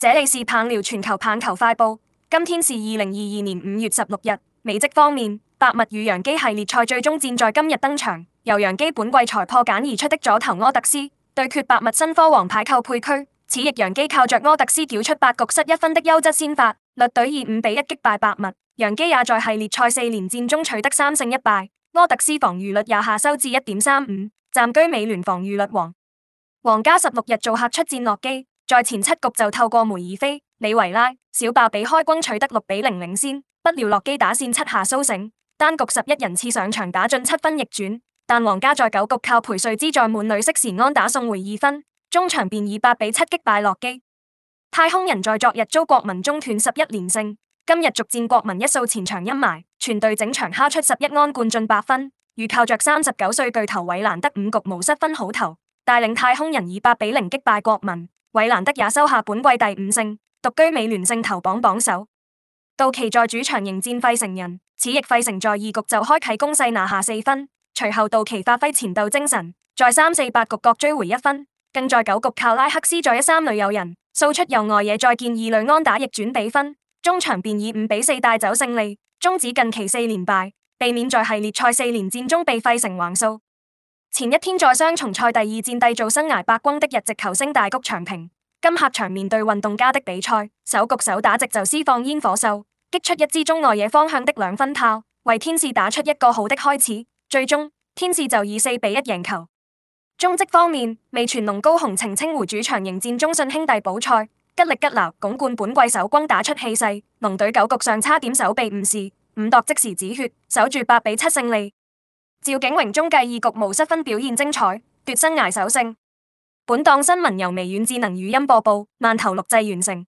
這裡是棒聊全球棒球快報，今天是二零二二年五月十六日。美職方面，白襪與洋基系列賽最終戰在今日登場。由洋基本季才破繭而出的左投柯特斯對決白襪新科王牌寇佩區，此役洋基靠着柯特斯繳出八局失一分的優質先發，率隊以五比一擊敗白襪。洋基也在系列賽四連戰中取得三勝一敗，柯特斯防禦率也下收至一點三五，暫居美聯防禦率王。皇家十六日做客出戰洛基。在前七局就透過梅爾菲、李維拉、小霸比開轟取得六比零領先，不料洛基打線七下甦醒，單局十一人次上場打進七分逆轉。但皇家在九局靠裴瑞茲在滿壘適時安打送回二分，終場便以八比七擊敗洛基。太空人在昨日遭國民中斷十一連勝，今日續戰國民一掃前場陰霾，全隊整場敲出十一安灌進八分，如靠着三十九歲巨頭韋蘭德五局無失分好投，帶領太空人以八比零擊敗國民。韋蘭德也收下本季第五勝，獨居美聯勝投榜榜首。道奇在主場迎戰費城人，此役費城在二局就開啟攻勢拿下四分，隨後道奇發揮前鬥精神，在三四八局各追回一分，更在九局靠拉克斯在一三壘有人，掃出右外野再見二壘安打逆轉比分，中場便以五比四帶走勝利，終止近期四連敗，避免在系列賽四連戰中被費城橫掃。前一天在雙重賽第二戰締造生涯百轟的日籍球星大谷翔平，今客場面對運動家的比賽，首局首打席就施放煙火秀，擊出一支中外野方向的兩分炮，為天使打出一個好的開始。最終，天使就以四比一贏球。中職方面，味全龍高雄澄清湖主場迎戰中信兄弟補賽，吉力吉納鞏冠本季首冠，打出氣勢，龍隊九局上差點手臂不適，五度即時止血，守住八比七勝利。趙景榮中繼二局無失分，表現精彩，奪生涯首勝。本檔新聞由微軟智能語音播報，慢頭錄製完成。